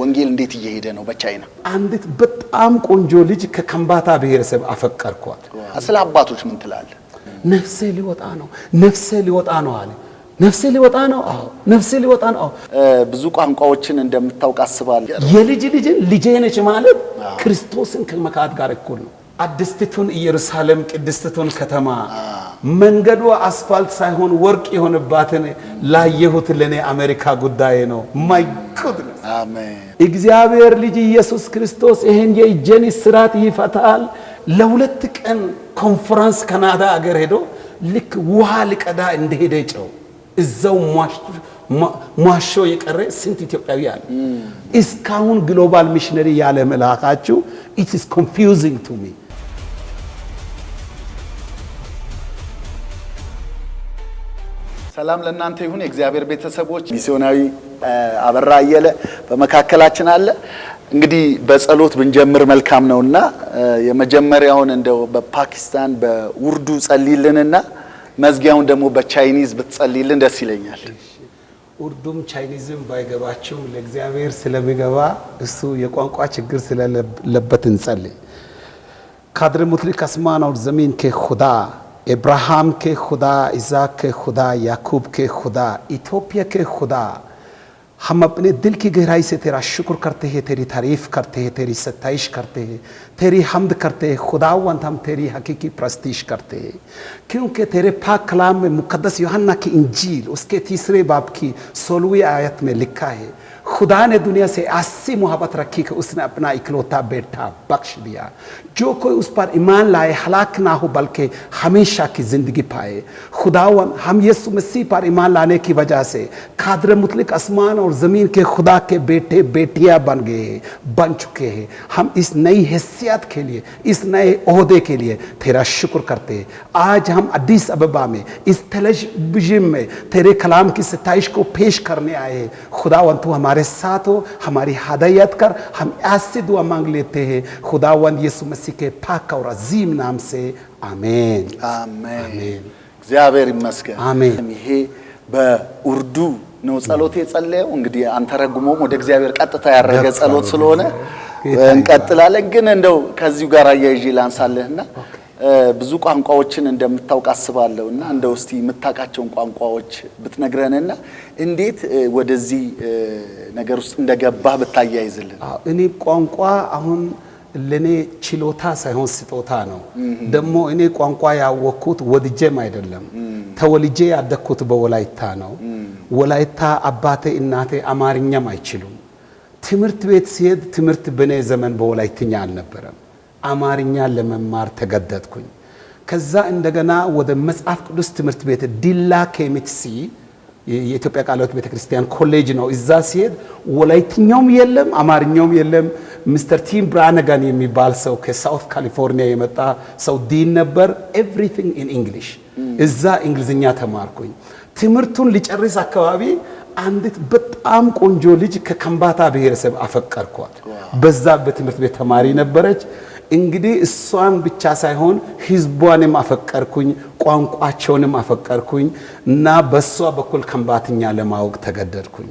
ወንጌል እንዴት እየሄደ ነው በቻይና? አንዲት በጣም ቆንጆ ልጅ ከከምባታ ብሔረሰብ አፈቀርኳት። ስለ አባቶች ምን ትላለህ? ነፍሴ ሊወጣ ነው፣ ነፍሴ ሊወጣ ነው አለ። ነፍሴ ሊወጣ ነው። አዎ ነፍሴ ሊወጣ ነው። አዎ ብዙ ቋንቋዎችን እንደምታውቅ አስባለሁ። የልጅ ልጅን ልጄ ነች ማለት ክርስቶስን ከመካት ጋር እኩል ነው። አዲስቲቱን ኢየሩሳሌም ቅድስቲቱን ከተማ መንገዱ አስፋልት ሳይሆን ወርቅ የሆነባትን ላየሁት ለእኔ አሜሪካ ጉዳይ ነው። ማይ ጉድነስ እግዚአብሔር ልጅ ኢየሱስ ክርስቶስ ይህን የእጄን ስራት ይፈታል። ለሁለት ቀን ኮንፈረንስ ካናዳ አገር ሄዶ ልክ ውሃ ልቀዳ እንደሄደ ጨው እዛው ሟሾ የቀረ ስንት ኢትዮጵያዊ አለ። እስካሁን ግሎባል ሚሽነሪ ያለ መላካችሁ ኢትስ ኮንፊውዚንግ ቱ ሚ ሰላም ለእናንተ ይሁን። የእግዚአብሔር ቤተሰቦች ሚስዮናዊ አበራ አየለ በመካከላችን አለ። እንግዲህ በጸሎት ብንጀምር መልካም እና የመጀመሪያውን እንደው በፓኪስታን በውርዱ ጸልይልንና መዝጊያውን ደግሞ በቻይኒዝ ብትጸልይልን ደስ ይለኛል። ኡርዱም ቻይኒዝም ባይገባችሁ ለእግዚአብሔር ስለሚገባ እሱ የቋንቋ ችግር ስለለበት እንጸልይ ካድር ሙትሊክ አስማን ዘሚን ከሁዳ ابراہم کے خدا عزاق کے خدا یعقوب کے خدا ایتھوپیا کے خدا ہم اپنے دل کی گہرائی سے تیرا شکر کرتے ہیں تیری تعریف کرتے ہیں تیری ستائش کرتے ہیں تیری حمد کرتے ہیں خدا ود ہم تیری حقیقی پرستیش کرتے ہیں کیونکہ تیرے پاک کلام میں مقدس یوحنا کی انجیل اس کے تیسرے باپ کی سولہویں آیت میں لکھا ہے खुदा ने दुनिया से ऐसी मोहब्बत रखी कि उसने अपना इकलौता बेटा बख्श दिया जो कोई उस पर ईमान लाए हलाक ना हो बल्कि हमेशा की ज़िंदगी पाए खुदा हम यीशु मसीह पर ईमान लाने की वजह से खादर मुतलक आसमान और ज़मीन के खुदा के बेटे बेटियां बन गए हैं बन चुके हैं हम इस नई हैसियत के लिए इस नए अहदे के लिए तेरा शुक्र करते हैं आज हम अदीस अबा में इस थे में तेरे कलाम की सतश को पेश करने आए हैं खुदावन तू हमारे हमारे साथ हो हमारी हदायत कर हम ऐसे दुआ मांग लेते हैं खुदावंद यीशु मसीह के पाक और अजीम नाम से አሜን አሜን። እግዚአብሔር ይመስገን። አሜን። ይሄ በኡርዱ ነው ጸሎት የጸለየው። እንግዲህ አንተረጉሞም ወደ እግዚአብሔር ቀጥታ ያደረገ ጸሎት ስለሆነ እንቀጥላለን። ግን እንደው ከዚሁ ጋር አያይዤ ላንሳለህና ብዙ ቋንቋዎችን እንደምታውቅ አስባለሁ እና እንደው እስቲ የምታውቃቸውን ቋንቋዎች ብትነግረንና እንዴት ወደዚህ ነገር ውስጥ እንደገባህ ብታያይዝልን። እኔ ቋንቋ አሁን ለእኔ ችሎታ ሳይሆን ስጦታ ነው። ደግሞ እኔ ቋንቋ ያወቅኩት ወድጄም አይደለም። ተወልጄ ያደግኩት በወላይታ ነው። ወላይታ አባቴ እናቴ አማርኛም አይችሉም። ትምህርት ቤት ሲሄድ ትምህርት በእኔ ዘመን በወላይትኛ አልነበረም። አማርኛ ለመማር ተገደድኩኝ። ከዛ እንደገና ወደ መጽሐፍ ቅዱስ ትምህርት ቤት ዲላ ኬሚትሲ የኢትዮጵያ ቃለ ሕይወት ቤተክርስቲያን ኮሌጅ ነው። እዛ ሲሄድ ወላይትኛውም የለም አማርኛውም የለም። ሚስተር ቲም ብራነጋን የሚባል ሰው ከሳውት ካሊፎርኒያ የመጣ ሰው ዲን ነበር። ኤቭሪቲንግ ኢን እንግሊሽ። እዛ እንግሊዝኛ ተማርኩኝ። ትምህርቱን ሊጨርስ አካባቢ አንዲት በጣም ቆንጆ ልጅ ከከምባታ ብሔረሰብ አፈቀርኳት። በዛ በትምህርት ቤት ተማሪ ነበረች። እንግዲህ እሷን ብቻ ሳይሆን ህዝቧንም አፈቀርኩኝ፣ ቋንቋቸውንም አፈቀርኩኝ እና በእሷ በኩል ከምባትኛ ለማወቅ ተገደድኩኝ።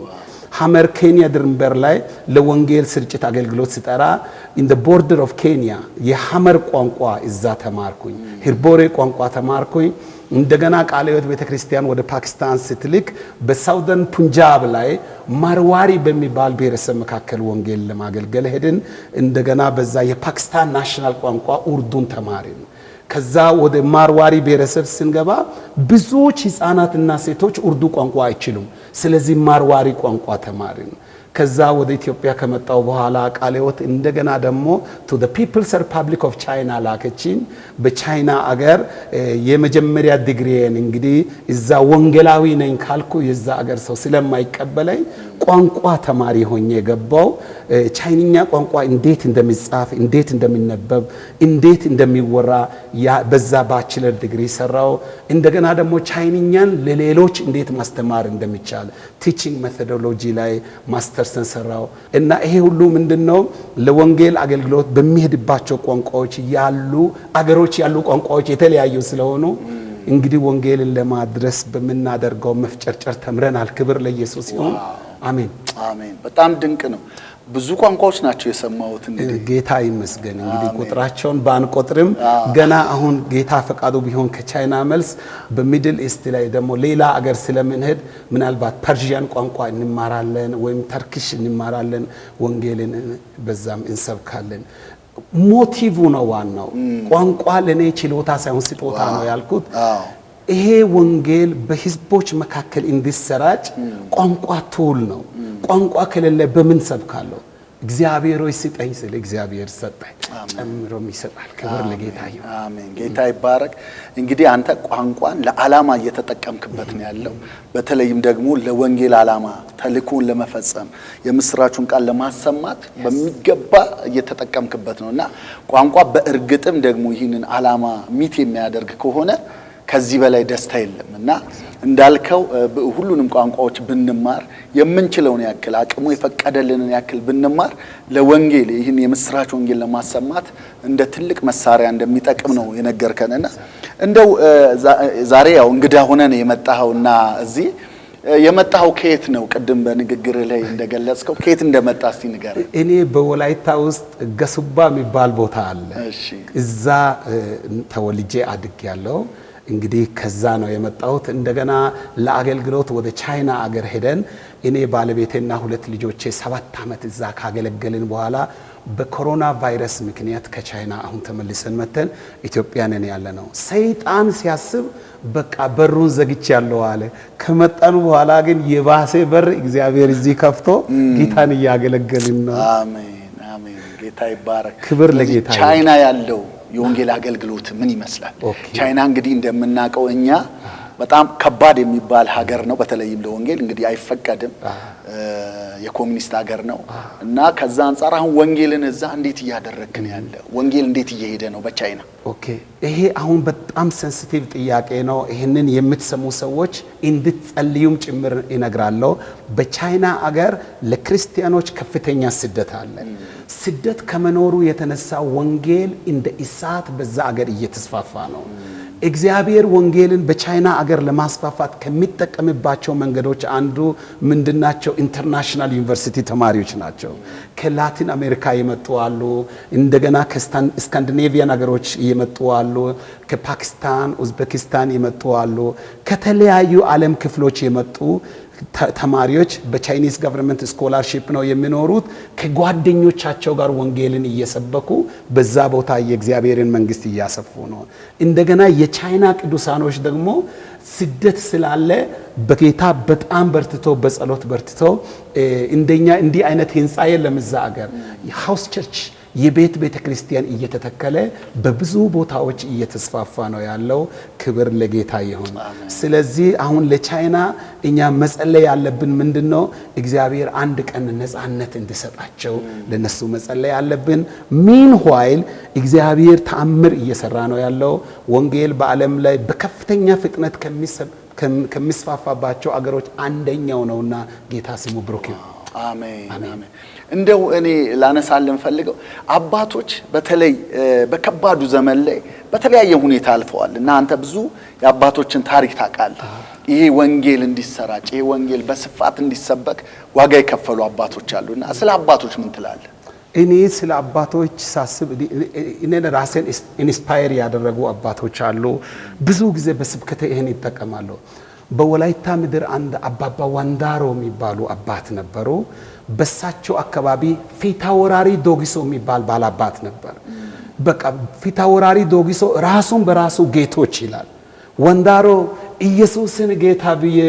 ሀመር ኬንያ ድንበር ላይ ለወንጌል ስርጭት አገልግሎት ሲጠራ ኢን ቦርደር ኦፍ ኬንያ የሐመር ቋንቋ እዛ ተማርኩኝ፣ ሂርቦሬ ቋንቋ ተማርኩኝ። እንደገና ቃለ ሕይወት ቤተክርስቲያን ወደ ፓኪስታን ስትልክ በሳውዘርን ፑንጃብ ላይ ማርዋሪ በሚባል ብሔረሰብ መካከል ወንጌል ለማገልገል ሄድን። እንደገና በዛ የፓኪስታን ናሽናል ቋንቋ ኡርዱን ተማሪን። ከዛ ወደ ማርዋሪ ብሔረሰብ ስንገባ ብዙዎች ህፃናትና ሴቶች ኡርዱ ቋንቋ አይችሉም። ስለዚህ ማርዋሪ ቋንቋ ተማሪን። ከዛ ወደ ኢትዮጵያ ከመጣው በኋላ ቃለ እንደገና ደግሞ ቱ ዘ ፒፕልስ ሪፐብሊክ ኦፍ ቻይና ላከችኝ። በቻይና አገር የመጀመሪያ ዲግሪን እንግዲህ እዛ ወንጌላዊ ነኝ ካልኩ የዛ አገር ሰው ስለማይቀበለኝ ቋንቋ ተማሪ ሆኜ የገባው ቻይንኛ ቋንቋ እንዴት እንደሚጻፍ እንዴት እንደሚነበብ እንዴት እንደሚወራ በዛ ባችለር ዲግሪ ሰራው። እንደገና ደግሞ ቻይንኛን ለሌሎች እንዴት ማስተማር እንደሚቻል ቲቺንግ ሜቶዶሎጂ ላይ ማስተርሰን ሰራው እና ይሄ ሁሉ ምንድን ነው ለወንጌል አገልግሎት በሚሄድባቸው ቋንቋዎች ያሉ አገሮች ያሉ ቋንቋዎች የተለያዩ ስለሆኑ እንግዲህ ወንጌልን ለማድረስ በምናደርገው መፍጨርጨር ተምረናል። ክብር ለኢየሱስ ይሁን። አሜን አሜን። በጣም ድንቅ ነው። ብዙ ቋንቋዎች ናቸው የሰማሁት። እንግዲህ ጌታ ይመስገን። እንግዲህ ቁጥራቸውን ባንቆጥርም ገና አሁን ጌታ ፈቃዱ ቢሆን ከቻይና መልስ በሚድል ኢስት ላይ ደግሞ ሌላ አገር ስለምንሄድ ምናልባት ፐርዥያን ቋንቋ እንማራለን ወይም ተርኪሽ እንማራለን፣ ወንጌልን በዛም እንሰብካለን። ሞቲቭ ነው ዋናው። ቋንቋ ለእኔ ችሎታ ሳይሆን ስጦታ ነው ያልኩት። ይሄ ወንጌል በህዝቦች መካከል እንዲሰራጭ ቋንቋ ትውል ነው ቋንቋ ከሌለ በምን ሰብካለሁ? እግዚአብሔር ሆይ ስጠኝ ስል እግዚአብሔር ሰጠኝ፣ ጨምሮም ይሰጣል። ክብር ለጌታ ይሁን። አሜን። ጌታ ይባረክ። እንግዲህ አንተ ቋንቋን ለዓላማ እየተጠቀምክበት ነው ያለው። በተለይም ደግሞ ለወንጌል ዓላማ ተልእኮውን ለመፈጸም የምስራቹን ቃል ለማሰማት በሚገባ እየተጠቀምክበት ነው እና ቋንቋ በእርግጥም ደግሞ ይህንን ዓላማ ሚት የሚያደርግ ከሆነ ከዚህ በላይ ደስታ የለም እና እንዳልከው ሁሉንም ቋንቋዎች ብንማር የምንችለውን ያክል አቅሙ የፈቀደልንን ያክል ብንማር ለወንጌል ይህን የምስራች ወንጌል ለማሰማት እንደ ትልቅ መሳሪያ እንደሚጠቅም ነው የነገርከንና እንደው ዛሬ ያው እንግዳ ሆነን እና እዚህ የመጣኸው ከየት ነው? ቅድም በንግግር ላይ እንደገለጽከው ከየት እንደመጣ እስቲ ንገር። እኔ በወላይታ ውስጥ ገሱባ የሚባል ቦታ አለ። እዛ ተወልጄ አድጌ ያለው እንግዲህ ከዛ ነው የመጣሁት። እንደገና ለአገልግሎት ወደ ቻይና አገር ሄደን እኔ ባለቤቴና ሁለት ልጆቼ ሰባት ዓመት እዛ ካገለገልን በኋላ በኮሮና ቫይረስ ምክንያት ከቻይና አሁን ተመልሰን መተን ኢትዮጵያ ነን ያለ ነው። ሰይጣን ሲያስብ በቃ በሩን ዘግቼ ያለው አለ። ከመጣኑ በኋላ ግን የባሴ በር እግዚአብሔር እዚህ ከፍቶ ጌታን እያገለገልን ነው። አሜን አሜን። ጌታ ይባረክ። ክብር ለጌታ። ቻይና ያለው የወንጌል አገልግሎት ምን ይመስላል? ቻይና እንግዲህ እንደምናውቀው እኛ በጣም ከባድ የሚባል ሀገር ነው። በተለይም ለወንጌል እንግዲህ አይፈቀድም፣ የኮሚኒስት ሀገር ነው እና ከዛ አንጻር አሁን ወንጌልን እዛ እንዴት እያደረግን ያለ ወንጌል እንዴት እየሄደ ነው በቻይና? ኦኬ ይሄ አሁን በጣም ሴንስቲቭ ጥያቄ ነው። ይህንን የምትሰሙ ሰዎች እንድትጸልዩም ጭምር ይነግራለሁ። በቻይና አገር ለክርስቲያኖች ከፍተኛ ስደት አለ። ስደት ከመኖሩ የተነሳ ወንጌል እንደ እሳት በዛ አገር እየተስፋፋ ነው። እግዚአብሔር ወንጌልን በቻይና አገር ለማስፋፋት ከሚጠቀምባቸው መንገዶች አንዱ ምንድናቸው? ኢንተርናሽናል ዩኒቨርሲቲ ተማሪዎች ናቸው። ከላቲን አሜሪካ የመጡ አሉ። እንደገና ከስካንዲኔቪያን ሀገሮች የመጡ አሉ። ከፓኪስታን፣ ኡዝቤኪስታን የመጡ አሉ። ከተለያዩ ዓለም ክፍሎች የመጡ ተማሪዎች በቻይኒዝ ገቨርንመንት ስኮላርሺፕ ነው የሚኖሩት። ከጓደኞቻቸው ጋር ወንጌልን እየሰበኩ በዛ ቦታ የእግዚአብሔርን መንግስት እያሰፉ ነው። እንደገና የቻይና ቅዱሳኖች ደግሞ ስደት ስላለ በጌታ በጣም በርትቶ በጸሎት በርትቶ እንደኛ እንዲህ አይነት ህንፃ የለም እዛ አገር ሀውስ ቸርች የቤት ቤተ ክርስቲያን እየተተከለ በብዙ ቦታዎች እየተስፋፋ ነው ያለው። ክብር ለጌታ ይሁን። ስለዚህ አሁን ለቻይና እኛ መጸለይ ያለብን ምንድን ነው? እግዚአብሔር አንድ ቀን ነፃነት እንዲሰጣቸው ለነሱ መጸለይ ያለብን። ሚን ኋይል እግዚአብሔር ተአምር እየሰራ ነው ያለው። ወንጌል በዓለም ላይ በከፍተኛ ፍጥነት ከሚስፋፋባቸው አገሮች አንደኛው ነውና ጌታ ስሙ ብሩክ አሜን እንደው እኔ ላነሳልን ፈልገው አባቶች በተለይ በከባዱ ዘመን ላይ በተለያየ ሁኔታ አልፈዋል እና አንተ ብዙ የአባቶችን ታሪክ ታውቃለህ። ይሄ ወንጌል እንዲሰራጭ ይሄ ወንጌል በስፋት እንዲሰበክ ዋጋ የከፈሉ አባቶች እና ስለ አባቶች ምን ትላለህ? እኔ ስለ አባቶች ሳስብ እኔ ራሴን ኢንስፓየር ያደረጉ አባቶች አሉ። ብዙ ጊዜ በስብከተ ይህን ይጠቀማለሁ። በወላይታ ምድር አንድ አባባ ዋንዳሮ የሚባሉ አባት ነበሩ። በሳቸው አካባቢ ፊታወራሪ ዶጊሶ የሚባል ባላባት ነበር። በቃ ፊታወራሪ ዶጊሶ ራሱን በራሱ ጌቶች ይላል። ወንዳሮ ኢየሱስን ጌታ ብዬ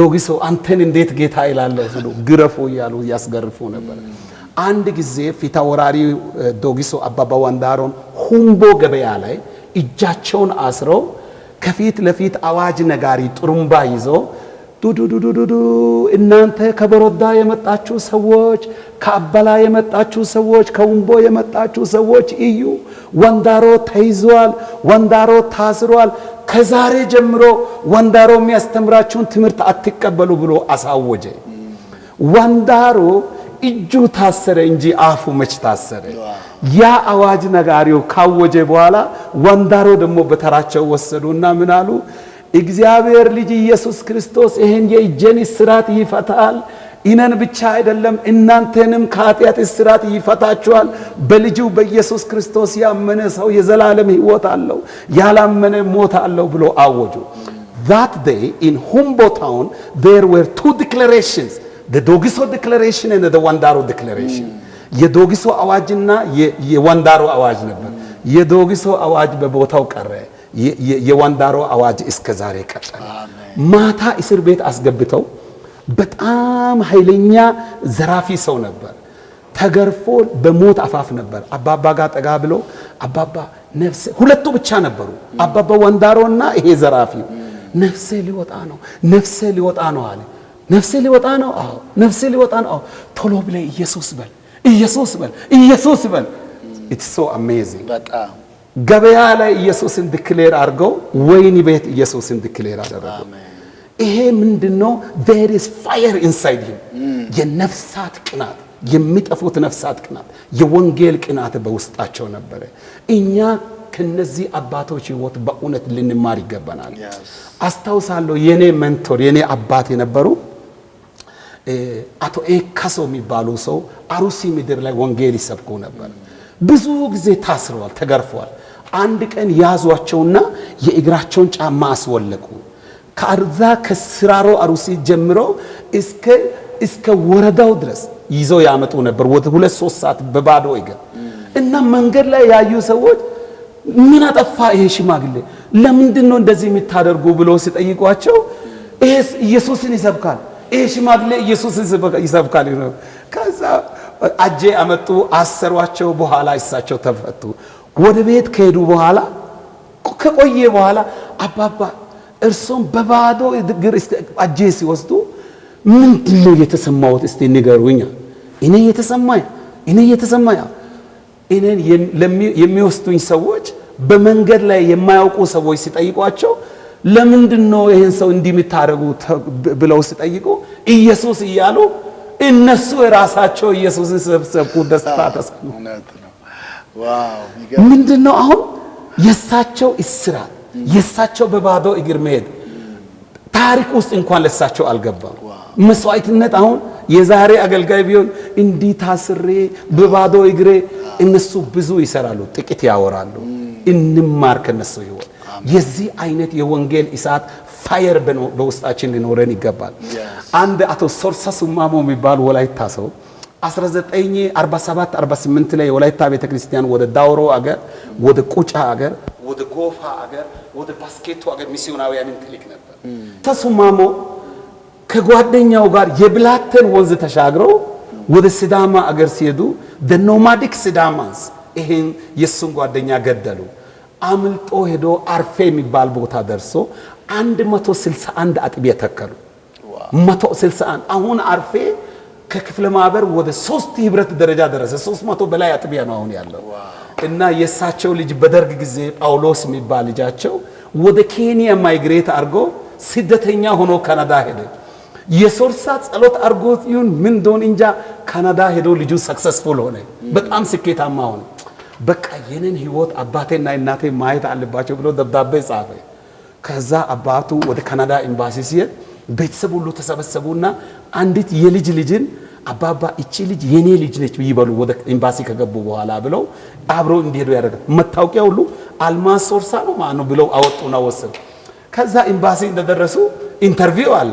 ዶጊሶ አንተን እንዴት ጌታ ይላለሁ ብሎ ግረፉ እያሉ እያስገርፉ ነበር። አንድ ጊዜ ፊታወራሪ ዶጊሶ አባባ ዋንዳሮን ሁምቦ ገበያ ላይ እጃቸውን አስረው ከፊት ለፊት አዋጅ ነጋሪ ጥሩምባ ይዞ ዱዱዱዱዱ እናንተ ከበሮዳ የመጣችሁ ሰዎች፣ ከአበላ የመጣችሁ ሰዎች፣ ከውንቦ የመጣችሁ ሰዎች እዩ፣ ወንዳሮ ተይዟል፣ ወንዳሮ ታስሯል። ከዛሬ ጀምሮ ወንዳሮ የሚያስተምራችሁን ትምህርት አትቀበሉ ብሎ አሳወጀ። ወንዳሮ እጁ ታሰረ እንጂ አፉ መች ታሰረ? ያ አዋጅ ነጋሪው ካወጀ በኋላ ወንዳሮ ደግሞ በተራቸው ወሰዱና ምን አሉ? እግዚአብሔር ልጅ ኢየሱስ ክርስቶስ ይሄን የእጄን እስራት ይፈታል። እኔን ብቻ አይደለም እናንተንም ከኃጢአት እስራት ይፈታችኋል። በልጁ በኢየሱስ ክርስቶስ ያመነ ሰው የዘላለም ሕይወት አለው፣ ያላመነ ሞት አለው ብሎ አወጁ። that day in Humbo town there were two declarations the Dogiso declaration and the Wandaro declaration mm. የዶግሶ አዋጅና የዋንዳሮ አዋጅ ነበር። የዶግሶ አዋጅ በቦታው ቀረ። የዋንዳሮ አዋጅ እስከ ዛሬ ቀጠለ። ማታ እስር ቤት አስገብተው በጣም ኃይለኛ ዘራፊ ሰው ነበር። ተገርፎ በሞት አፋፍ ነበር። አባባ ጋር ጠጋ ብሎ አባባ ነፍሴ፣ ሁለቱ ብቻ ነበሩ አባባ ወንዳሮ ዋንዳሮና ይሄ ዘራፊ። ነፍሴ ሊወጣ ነው፣ ነፍሴ ሊወጣ ነው አለ። ነፍሴ ሊወጣ ነው፣ አዎ፣ ነፍሴ ሊወጣ ነው፣ ሊወጣ ነው ቶሎ ብለህ ኢየሱስ በል ኢየሱስ በል ኢየሱስ በል ኢትስ ሶ አሜዚንግ። ገበያ ላይ ኢየሱስን ዲክሌር አድርገው፣ ወይን ቤት ኢየሱስን ዲክሌር አደረገው። ይሄ ምንድነው? ዜር ኢዝ ፋየር ኢንሳይድ ሂም። የነፍሳት ቅናት የሚጠፉት ነፍሳት ቅናት፣ የወንጌል ቅናት በውስጣቸው ነበረ። እኛ ከነዚህ አባቶች ህይወት በእውነት ልንማር ይገባናል። አስታውሳለሁ የኔ መንቶር የኔ አባት የነበሩ አቶ ኤካሶ የሚባሉ ሰው አሩሲ ምድር ላይ ወንጌል ይሰብኩ ነበር። ብዙ ጊዜ ታስረዋል፣ ተገርፈዋል። አንድ ቀን ያዟቸውና የእግራቸውን ጫማ አስወለቁ። ከአርዛ ከስራሮ አሩሲ ጀምሮ እስከ እስከ ወረዳው ድረስ ይዘው ያመጡ ነበር። ወደ ሁለት ሶስት ሰዓት በባዶ እግር እና መንገድ ላይ ያዩ ሰዎች ምን አጠፋ ይሄ ሽማግሌ ለምንድን ነው እንደዚህ የምታደርጉ ብሎ ሲጠይቋቸው፣ ይሄ ኢየሱስን ይሰብካል ይሄ ሽማግሌ ኢየሱስ ይሰብካል። ከዛ አጄ አመጡ አሰሯቸው። በኋላ እሳቸው ተፈቱ። ወደ ቤት ከሄዱ በኋላ ከቆየ በኋላ አባባ እርሶም በባዶ እግር አጄ ሲወስዱ ምንድን ነው የተሰማዎት? እስቲ ንገሩኝ። እኔ የተሰማኝ እኔ የተሰማኝ እኔን የሚወስዱኝ ሰዎች በመንገድ ላይ የማያውቁ ሰዎች ሲጠይቋቸው ለምንድን ነው ይህን ሰው እንዲህ የምታደርጉ ብለው ሲጠይቁ ኢየሱስ እያሉ እነሱ የራሳቸው ኢየሱስን ሰብሰብኩ ደስታ ተሰኙ። ምንድን ነው አሁን የእሳቸው እስራ የእሳቸው በባዶ እግር መሄድ ታሪክ ውስጥ እንኳን ለእሳቸው አልገባም። መስዋዕትነት አሁን የዛሬ አገልጋይ ቢሆን እንዲህ ታስሬ በባዶ እግሬ፣ እነሱ ብዙ ይሰራሉ፣ ጥቂት ያወራሉ። እንማር ከነሱ የዚህ አይነት የወንጌል እሳት ፋየር በውስጣችን ሊኖረን ይገባል። አንድ አቶ ሶርሳ ሱማሞ የሚባል ወላይታ ሰው 1947 48 ላይ የወላይታ ቤተክርስቲያን ወደ ዳውሮ አገር፣ ወደ ቁጫ አገር፣ ወደ ጎፋ አገር፣ ወደ ባስኬቶ አገር ሚስዮናውያንን ትልክ ነበር። mm. ተሱማሞ ከጓደኛው ጋር የብላተን ወንዝ ተሻግረው ወደ ሲዳማ አገር ሲሄዱ ደኖማዲክ ሲዳማስ ይህን የእሱን ጓደኛ ገደሉ። አምልጦ ሄዶ አርፌ የሚባል ቦታ ደርሶ 161 አጥቢ የተከሉ 161 አሁን አርፌ ከክፍለ ማህበር ወደ ሶስት ህብረት ደረጃ ደረሰ። 300 በላይ አጥቢያ ነው አሁን ያለው እና የእሳቸው ልጅ በደርግ ጊዜ ጳውሎስ የሚባል ልጃቸው ወደ ኬንያ ማይግሬት አድርጎ ስደተኛ ሆኖ ካናዳ ሄደ። የሶርሳ ጸሎት አድርጎት ይሁን ምን እንደሆነ እንጃ ካናዳ ሄዶ ልጁ ሰክሰስፉል ሆነ፣ በጣም ስኬታማ ሆነ። በቃ የኔን ህይወት አባቴና እናቴ ማየት አለባቸው ብሎ ደብዳቤ ጻፈ። ከዛ አባቱ ወደ ካናዳ ኤምባሲ ሲሄድ ቤተሰብ ሁሉ ተሰበሰቡና አንዲት የልጅ ልጅን አባባ እቺ ልጅ የኔ ልጅ ነች ይበሉ ወደ ኤምባሲ ከገቡ በኋላ ብለው አብረው እንዲሄዱ ያደረገ መታወቂያ ሁሉ አልማዝ ሶርሳ ነው ማነው ብለው አወጡና ወሰዱ። ከዛ ኤምባሲ እንደደረሱ ኢንተርቪው አለ።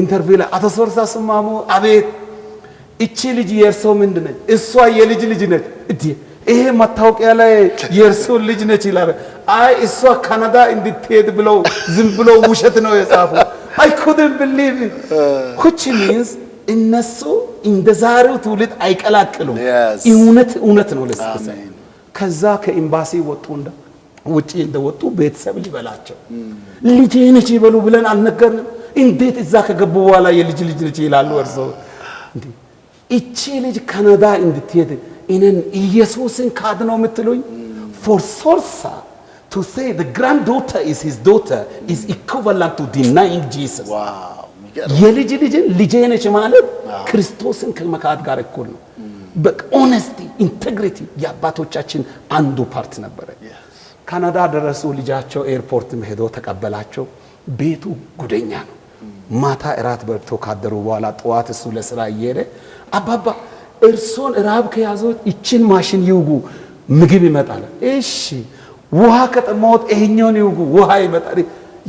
ኢንተርቪው ላይ አቶ ሶርሳ ስማሙ አቤት እቺ ልጅ የእርሰው ምንድነች? እሷ የልጅ ልጅ ነች። ይሄ መታወቂያ ላይ የእርስዎን ልጅ ነች ይላል። አይ እሷ ካናዳ እንድትሄድ ብለው ዝም ብለው ውሸት ነው የጻፉ። አይ ኩድን ብሊቭ ሁቺ ሚንስ እነሱ እንደ ዛሬው ትውልድ አይቀላቅሉም። እውነት እውነት ነው ለስከሰ ከዛ ከኤምባሲ ወጡ እንደ ውጪ እንደወጡ ቤተሰብ ሊበላቸው hmm. ልጄ ነች ይበሉ ብለን አልነገርንም። እንዴት እዛ ከገቡ በኋላ የልጅ ልጅ ነች ይላሉ እርስዎ እቺ ልጅ ካናዳ እንድትሄድ እኔን ኢየሱስን ካድ ነው የምትሉኝ? ፎር ሶርሳ ቱ ሴይ ዘ ግራንድ ዶተር ኢዝ ሂዝ ዶተር ኢዝ ኢኩቫላንት ቱ ዲናይንግ ጂሰስ። የልጅ ልጅን ልጄ ነች ማለት ክርስቶስን ከመካድ ጋር እኩል ነው። በኦነስቲ ኢንቴግሪቲ የአባቶቻችን አንዱ ፓርት ነበረ። ካናዳ ደረሱ። ልጃቸው ኤርፖርት ሄዶ ተቀበላቸው። ቤቱ ጉደኛ ነው። ማታ እራት በልቶ ካደሩ በኋላ ጠዋት እሱ ለስራ እየሄደ አባባ እርሶን ራብ ከያዞት ይችን ማሽን ይውጉ፣ ምግብ ይመጣል። እሺ ውሃ ከጠማዎት ይሄኛውን ይውጉ፣ ውሃ ይመጣል።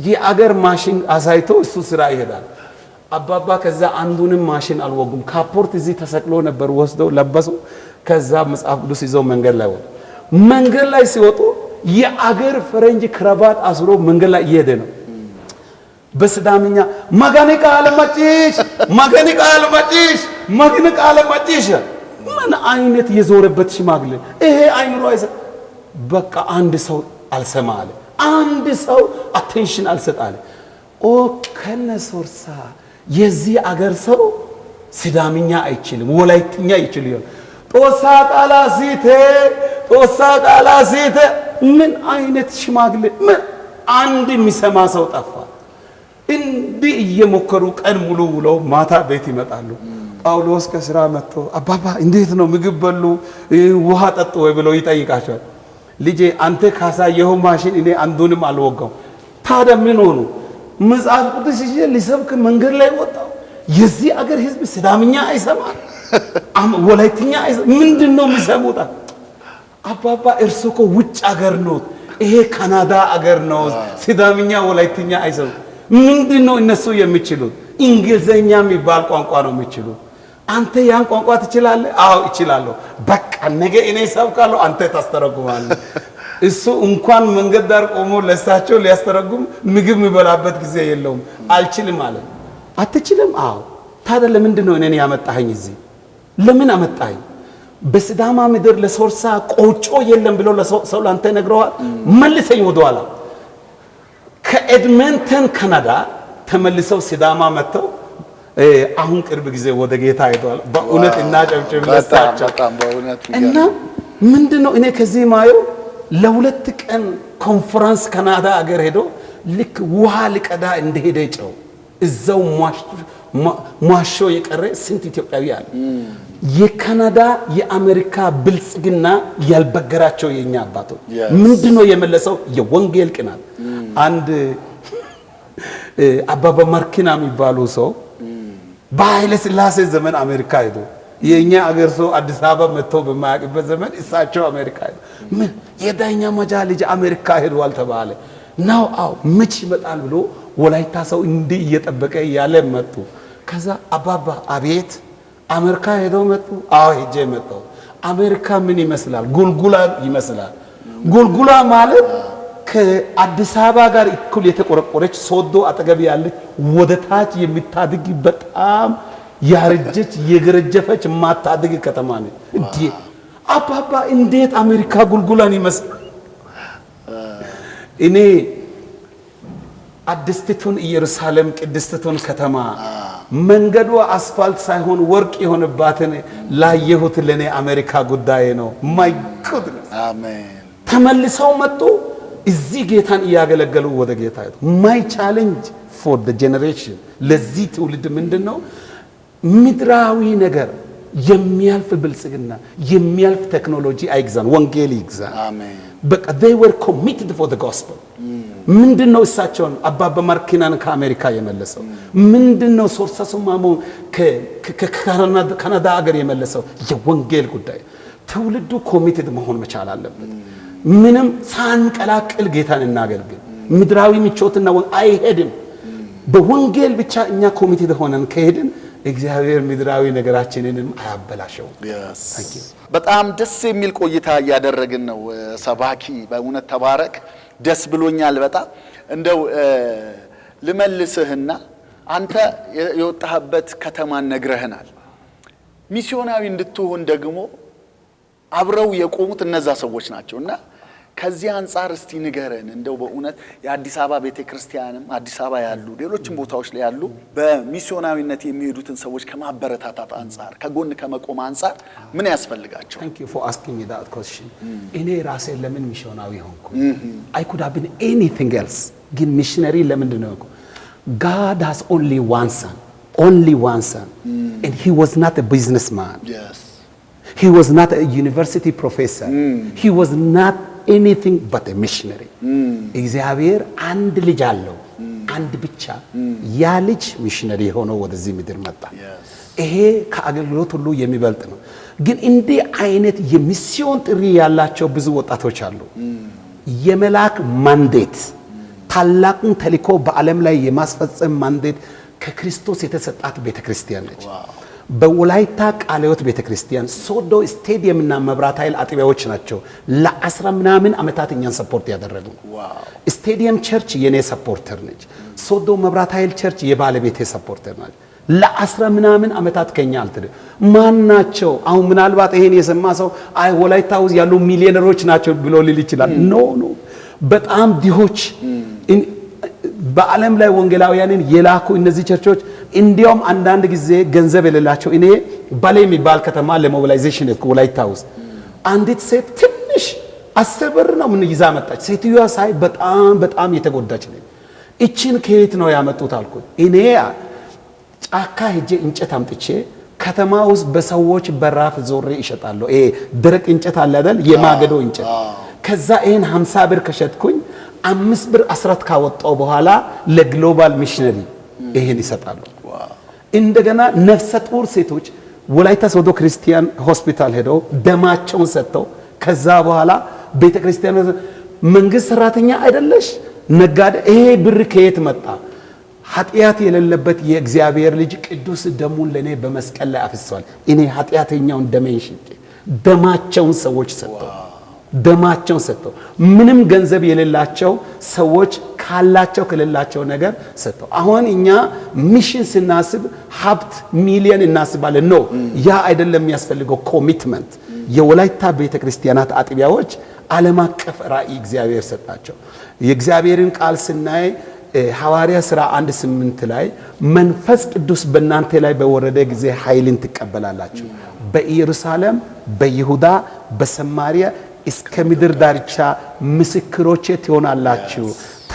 የአገር ማሽን አሳይቶ እሱ ስራ ይሄዳል። አባባ ከዛ አንዱንም ማሽን አልወጉም። ካፖርት እዚህ ተሰቅሎ ነበር፣ ወስደው ለበሱ። ከዛ መጽሐፍ ቅዱስ ይዘው መንገድ ላይ ወጡ። መንገድ ላይ ሲወጡ የአገር ፈረንጅ ክራባት አስሮ መንገድ ላይ እየሄደ ነው። በስዳምኛ ማጋኔ ቃል መጪሽ ማጋኔ መግን ቃለ መጪሽ ምን አይነት የዞረበት ሽማግሌ ይሄ አይምሮ አይሰ በቃ አንድ ሰው አልሰማ አለ። አንድ ሰው አቴንሽን አልሰጥ አለ። ኦ ከነ ሶርሳ የዚህ አገር ሰው ሲዳምኛ አይችልም፣ ወላይትኛ አይችል ይሆን ጦሳ ቃላ ሲቴ ጦሳ ቃላ ሲቴ ምን አይነት ሽማግሌ ምን አንድ የሚሰማ ሰው ጠፋ። እንዲህ እየሞከሩ ቀን ሙሉ ውለው ማታ ቤት ይመጣሉ። ጳውሎስ ከስራ መጥቶ አባባ እንዴት ነው ምግብ በሉ ውሃ ጠጡ ወይ ብለው ይጠይቃቸዋል። ልጄ አንተ ካሳየኸው ማሽን እኔ አንዱንም አልወጋው። ታዲያ ምን ሆኑ? መጽሐፍ ቅዱስ ይዤ ሊሰብክ መንገድ ላይ ወጣው። የዚህ አገር ህዝብ ስዳምኛ አይሰማል፣ ወላይትኛ ምንድን ነው የሚሰሙት? አባባ እርሱ እኮ ውጭ አገር ነው፣ ይሄ ካናዳ አገር ነው። ስዳምኛ ወላይትኛ አይሰማ ምንድን ነው እነሱ የሚችሉት? እንግሊዝኛ የሚባል ቋንቋ ነው የሚችሉት። አንተ ያን ቋንቋ ትችላለህ? አዎ እችላለሁ። በቃ ነገ እኔ ሰብካለሁ፣ አንተ ታስተረጉማለህ። እሱ እንኳን መንገድ ዳር ቆሞ ለእሳቸው ሊያስተረጉም ምግብ የሚበላበት ጊዜ የለውም። አልችልም አለ። አትችልም? አዎ። ታዲያ ለምንድን ነው እኔን ያመጣኸኝ? እዚህ ለምን አመጣኸኝ? በስዳማ ምድር ለሶርሳ ቆጮ የለም ብሎ ሰው ለአንተ ነግረዋል? መልሰኝ ወደኋላ። ከኤድመንተን ካናዳ ተመልሰው ስዳማ መጥተው አሁን ቅርብ ጊዜ ወደ ጌታ ሄዷል። በእውነት እናጨብጭብ ለሳቸው እና ምንድን ነው እኔ ከዚህ ማየው ለሁለት ቀን ኮንፈረንስ ካናዳ አገር ሄዶ ልክ ውሃ ልቀዳ እንደሄደ ጨው እዛው ሟሾ የቀረ ስንት ኢትዮጵያዊ አለ። የካናዳ የአሜሪካ ብልጽግና ያልበገራቸው የእኛ አባቶ ምንድን ነው የመለሰው? የወንጌል ቅናት። አንድ አባባ መርኪና የሚባሉ ሰው በኃይለ ስላሴ ዘመን አሜሪካ ሄዶ የእኛ አገር ሰው አዲስ አበባ መጥቶ በማያውቅበት ዘመን እሳቸው አሜሪካ ሄዶ ምን የዳኛ መጃ ልጅ አሜሪካ ሄዷል ተባለ። ናው አው ምች ይመጣል ብሎ ወላይታ ሰው እንዲህ እየጠበቀ እያለ መጡ። ከዛ አባባ አቤት አሜሪካ ሄዶ መጡ። አዎ ሄጄ መጣሁ። አሜሪካ ምን ይመስላል? ጉልጉላ ይመስላል። ጉልጉላ ማለት ከአዲስ አበባ ጋር እኩል የተቆረቆረች ሶዶ አጠገብ ያለች ወደ ታች የምታድግ በጣም ያረጀች የገረጀፈች ማታድግ ከተማ ነች። እንዴ አባባ እንዴት አሜሪካ ጉልጉላን ይመስል እኔ አድስትቱን ኢየሩሳሌም ቅድስትቱን ከተማ መንገዷ አስፋልት ሳይሆን ወርቅ የሆነባትን ላየሁት ለእኔ አሜሪካ ጉዳይ ነው። ማይ ጉድነስ ተመልሰው መጡ። እዚህ ጌታን እያገለገሉ ወደ ጌታ ሄዱ። ማይ ቻሌንጅ ፎር ዘ ጄኔሬሽን ለዚህ ትውልድ ምንድን ነው? ምድራዊ ነገር የሚያልፍ ብልጽግና የሚያልፍ ቴክኖሎጂ አይግዛን፣ ወንጌል ይግዛን። በቃ they were committed for the gospel mm. ምንድን ነው እሳቸውን አባባ ማርኪናን ከአሜሪካ የመለሰው mm. ምንድን ነው? ሶርሳሱ ማሞ ከካናዳ ሀገር የመለሰው የወንጌል ጉዳይ። ትውልዱ ኮሚትድ መሆን መቻል አለበት። mm. ምንም ሳንቀላቅል ጌታን እናገልግል። ምድራዊ ምቾትና አይሄድም። በወንጌል ብቻ እኛ ኮሚቴ ሆነን ከሄድን እግዚአብሔር ምድራዊ ነገራችንንም አያበላሸው። በጣም ደስ የሚል ቆይታ እያደረግን ነው። ሰባኪ በእውነት ተባረክ። ደስ ብሎኛል በጣም እንደው ልመልስህና አንተ የወጣህበት ከተማን ነግረህናል። ሚስዮናዊ እንድትሆን ደግሞ አብረው የቆሙት እነዛ ሰዎች ናቸው እና ከዚህ አንጻር እስቲ ንገረን እንደው በእውነት የአዲስ አበባ ቤተ ክርስቲያንም አዲስ አበባ ያሉ ሌሎችም ቦታዎች ላይ ያሉ በሚስዮናዊነት የሚሄዱትን ሰዎች ከማበረታታት አንጻር ከጎን ከመቆም አንጻር ምን ያስፈልጋቸው? እኔ ራሴ ለምን ሚስዮናዊ ሆንኩ? አይ ኩድ ሃቭ ቢን ኤኒቲንግ ኤልስ ግን ሚሽነሪ ለምንድን ነው የሆንኩት? ጋድ ሃዝ ኦንሊ ዋን ሰን ኦንሊ ዋን ሰን ኤንድ ሂ ዋዝ ናት ኤ ቢዝነስማን ሂ ዋዝ ናት ኤ ዩኒቨርሲቲ ፕሮፌሰር ሂ ዋዝ ናት ኤኒቲንግ በት ሚሽነሪ። እግዚአብሔር አንድ ልጅ አለው mm. አንድ ብቻ። mm. ያ ልጅ ሚሽነሪ ሆኖ ወደዚህ ምድር መጣ። ይሄ ከአገልግሎት ሁሉ የሚበልጥ ነው። ግን እንዲህ አይነት የሚስዮን ጥሪ ያላቸው ብዙ ወጣቶች አሉ። mm. የመላክ ማንዴት ታላቁን ተልእኮ በዓለም ላይ የማስፈጸም ማንዴት ከክርስቶስ የተሰጣት ቤተ ክርስቲያን ነች። በወላይታ ቃለዮት ቤተ ክርስቲያን ሶዶ ስቴዲየምና መብራት ኃይል አጥቢያዎች ናቸው ለአስራ ምናምን ዓመታት እኛን ሰፖርት ያደረጉ። ስቴዲየም ቸርች የኔ ሰፖርተር ነች። ሶዶ መብራት ኃይል ቸርች የባለቤቴ ሰፖርተር ናቸው። ለአስራ ምናምን ዓመታት ከኛ አልትድ ማን ናቸው? አሁን ምናልባት ይሄን የሰማ ሰው አይ ወላይታ ውስጥ ያሉ ሚሊዮነሮች ናቸው ብሎ ሊል ይችላል። ኖ ኖ፣ በጣም ድሆች በዓለም ላይ ወንጌላውያንን የላኩ እነዚህ ቸርቾች እንዲያውም አንዳንድ ጊዜ ገንዘብ የሌላቸው እኔ ባሌ የሚባል ከተማ ለሞቢላይዜሽን ወላይታ ውስጥ አንዲት ሴት ትንሽ አስር ብር ነው ምን ይዛ መጣች። ሴትዮዋ ሳይ በጣም በጣም የተጎዳች ነኝ። እችን ከየት ነው ያመጡት አልኩ። እኔ ጫካ ሄጄ እንጨት አምጥቼ ከተማ ውስጥ በሰዎች በራፍ ዞሬ ይሸጣለሁ። ይሄ ደረቅ እንጨት አለ አይደል? የማገዶ እንጨት። ከዛ ይሄን 50 ብር ከሸጥኩኝ አምስት ብር አስራት ካወጣው በኋላ ለግሎባል ሚሽነሪ ይህን ይሰጣሉ። እንደገና ነፍሰ ጡር ሴቶች ወላይታ ሶዶ ክርስቲያን ሆስፒታል ሄደው ደማቸውን ሰጥተው ከዛ በኋላ ቤተ ክርስቲያን መንግስት ሰራተኛ አይደለሽ ነጋዴ፣ ይሄ ብር ከየት መጣ? ኃጢአት የሌለበት የእግዚአብሔር ልጅ ቅዱስ ደሙን ለእኔ በመስቀል ላይ አፍሷል። እኔ ኃጢአተኛውን ደሜን ሽጬ ደማቸውን ሰዎች ሰጥተው ደማቸውን ሰጥተው ምንም ገንዘብ የሌላቸው ሰዎች ካላቸው ከሌላቸው ነገር ሰጥተው። አሁን እኛ ሚሽን ስናስብ ሀብት ሚሊየን እናስባለን ነው። ያ አይደለም የሚያስፈልገው ኮሚትመንት። የወላይታ ቤተ ክርስቲያናት አጥቢያዎች ዓለም አቀፍ ራእይ እግዚአብሔር ሰጣቸው። የእግዚአብሔርን ቃል ስናይ ሐዋርያ ሥራ አንድ ስምንት ላይ መንፈስ ቅዱስ በእናንተ ላይ በወረደ ጊዜ ኃይልን ትቀበላላችሁ፣ በኢየሩሳሌም፣ በይሁዳ፣ በሰማሪያ እስከ ምድር ዳርቻ ምስክሮቼ ትሆናላችሁ።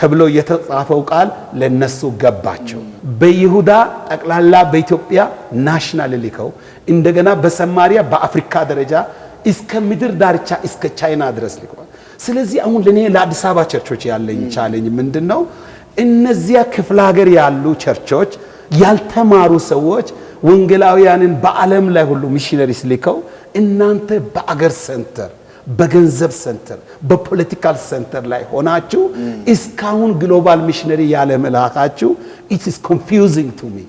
ተብሎ የተጻፈው ቃል ለነሱ ገባቸው። በይሁዳ ጠቅላላ በኢትዮጵያ ናሽናል ሊከው እንደገና በሰማሪያ በአፍሪካ ደረጃ እስከ ምድር ዳርቻ እስከ ቻይና ድረስ ልከዋል። ስለዚህ አሁን ለእኔ ለአዲስ አበባ ቸርቾች ያለኝ ቻለኝ ምንድን ነው? እነዚያ ክፍለ ሀገር ያሉ ቸርቾች ያልተማሩ ሰዎች ወንጌላውያንን በዓለም ላይ ሁሉ ሚሽነሪስ ልከው እናንተ በአገር ሴንተር በገንዘብ ሰንተር በፖለቲካል ሰንተር ላይ ሆናችሁ እስካሁን ግሎባል ሚሽነሪ ያለ መላካችሁ ኢትስ ኮንፊውዚንግ ቱ ሚ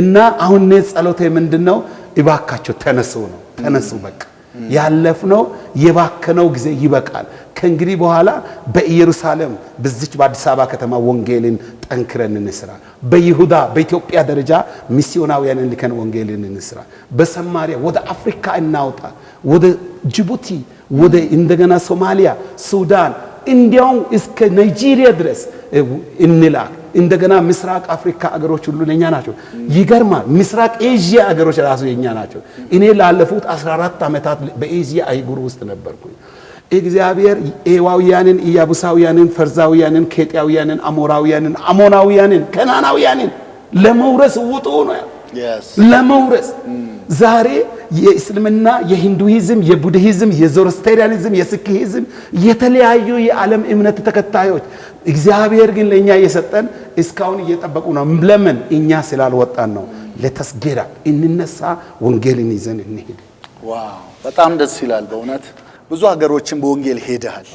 እና አሁን እኔ ጸሎቴ ምንድን ነው? እባካቸው ተነሱ ነው። ተነሱ በቃ ያለፍነው የባከነው ጊዜ ይበቃል። ከእንግዲህ በኋላ በኢየሩሳሌም በዚች በአዲስ አበባ ከተማ ወንጌልን ጠንክረን እንስራ። በይሁዳ በኢትዮጵያ ደረጃ ሚስዮናውያን ልከን ወንጌልን እንስራ። በሰማሪያ ወደ አፍሪካ እናውጣ፣ ወደ ጅቡቲ፣ ወደ እንደገና ሶማሊያ፣ ሱዳን እንዲያውም እስከ ናይጄሪያ ድረስ እንላክ። እንደገና ምስራቅ አፍሪካ አገሮች ሁሉ የኛ ናቸው። ይገርማል። ምስራቅ ኤዥያ አገሮች ራሱ የኛ ናቸው። እኔ ላለፉት 14 ዓመታት በኤዥያ አይጉር ውስጥ ነበርኩኝ። እግዚአብሔር ኤዋውያንን፣ ኢያቡሳውያንን፣ ፈርዛውያንን፣ ኬጥያውያንን፣ አሞራውያንን፣ አሞናውያንን፣ ከናናውያንን ለመውረስ ውጡ ነው ለመውረስ mm. ዛሬ የእስልምና፣ የሂንዱይዝም፣ የቡድሂዝም፣ የዞሮስቴሪያኒዝም፣ የስክሂዝም የተለያዩ የዓለም እምነት ተከታዮች እግዚአብሔር ግን ለእኛ እየሰጠን እስካሁን እየጠበቁ ነው። ለምን? እኛ ስላልወጣን ነው። ለተስጌራ እንነሳ፣ ወንጌልን ይዘን እንሄድ። በጣም ደስ ይላል በእውነት ብዙ ሀገሮችን በወንጌል ሄደሃል።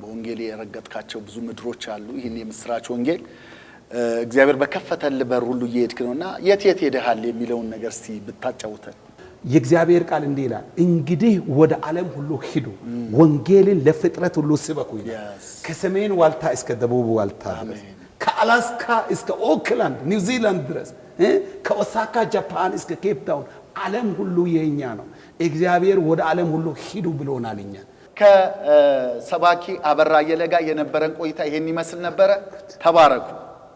በወንጌል የረገጥካቸው ብዙ ምድሮች አሉ። ይህን የምስራች ወንጌል እግዚአብሔር በከፈተልህ በር ሁሉ እየሄድክ ነው እና የት የት ሄደሃል የሚለውን ነገር እስቲ ብታጫውተን። የእግዚአብሔር ቃል እንዲህ ይላል፣ እንግዲህ ወደ ዓለም ሁሉ ሂዱ፣ ወንጌልን ለፍጥረት ሁሉ ስበኩ ይላል። ከሰሜን ዋልታ እስከ ደቡብ ዋልታ ድረስ፣ ከአላስካ እስከ ኦክላንድ ኒውዚላንድ ድረስ፣ ከኦሳካ ጃፓን እስከ ኬፕታውን ዓለም ሁሉ የኛ ነው። እግዚአብሔር ወደ ዓለም ሁሉ ሂዱ ብሎናል። እኛ ከሰባኪ አበራ የለ ጋር የነበረን ቆይታ ይሄን ይመስል ነበረ። ተባረኩ።